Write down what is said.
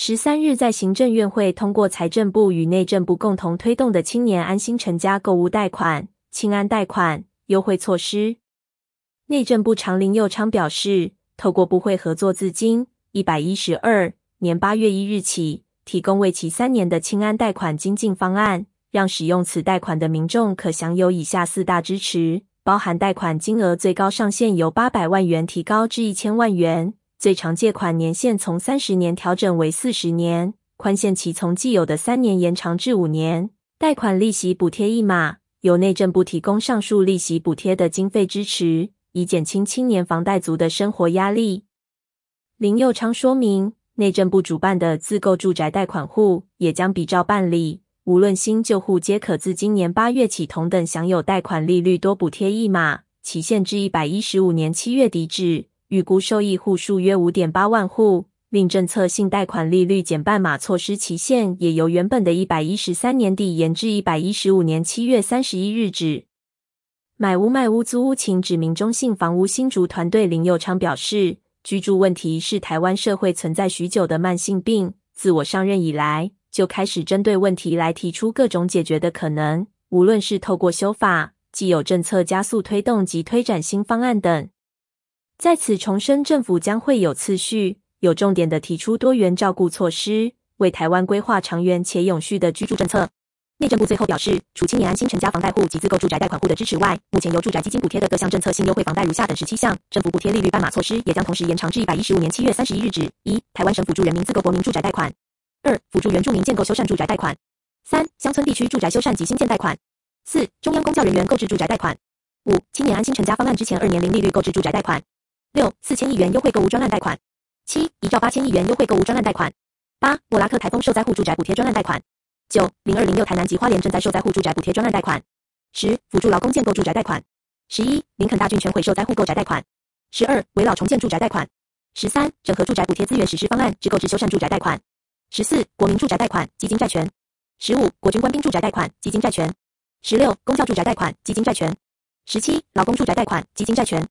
十三日在行政院會通過財政部與內政部共同推動的青年安心成家購屋貸款青安貸款優惠措施，內政部長林右昌表示，透過部會合作自今，一百一十二年八月一日起提供為期三年的青安貸款精進方案，讓使用此貸款的民眾可享有以下四大支持，包含貸款金額最高上限由八百萬元提高至一千萬元。最長借款年限從三十年調整為四十年，寬限期從既有的三年延長至五年，貸款利息補貼一碼，由內政部提供上述利息補貼的經費支持，以減輕青年房貸族的生活壓力。林右昌說明，內政部主辦的自購住宅貸款戶也將比照辦理，無論新舊戶皆可自今年八月起同等享有貸款利率多補貼一碼，期限至一百一十五年七月底止。預估受益戶數約五點八萬戶，另政策性貸款利率減半碼措施期限也由原本的一百一十三年底延至一百一十五年七月三十一日止。買屋、賣屋、租屋，請指名中信房屋新竹團隊。林右昌表示，居住問題是台灣社會存在許久的慢性病，自我上任以來，就開始針對問題來提出各種解決的可能，無論是透過修法、既有政策加速推動及推展新方案等。在此重申，政府將會有次序、有重點的提出多元照顧措施，為台灣規劃長遠且永續的居住政策。內政部最後表示，除青年安心成家房貸戶及自購住宅貸款戶、戶的支持外，目前由住宅基金補貼的各項政策性優惠房貸如下等十七項。政府補貼利率半碼措施也將同時延長至一百一十五年七月三十一日止。一、台灣省輔助人民自購國民住宅貸款；二、輔助原住民建購修繕住宅貸款；三、鄉村地區住宅修繕及興建貸款；四、中央公教人員購置住宅貸款；五、青年安心成家方案之前二年零利率購置住宅貸款。六四千億元優惠購屋專案貸款，七一兆八千億元優惠購屋專案貸款，八莫拉克台風受災戶住宅補貼專案貸款，九零二零六台南及花蓮震災受災戶住宅補貼專案貸款，十輔助勞工建購住宅貸款，十一林肯大郡全毀受災戶購宅貸款，十二危老重建住宅貸款，十三整合住宅補貼資源實施方案之購置修繕住宅貸款，十四國民住宅貸款基金債權，十五國軍官兵住宅貸款基金債權，十六公教住宅貸款基金債權，十七勞工住宅貸款基金債權。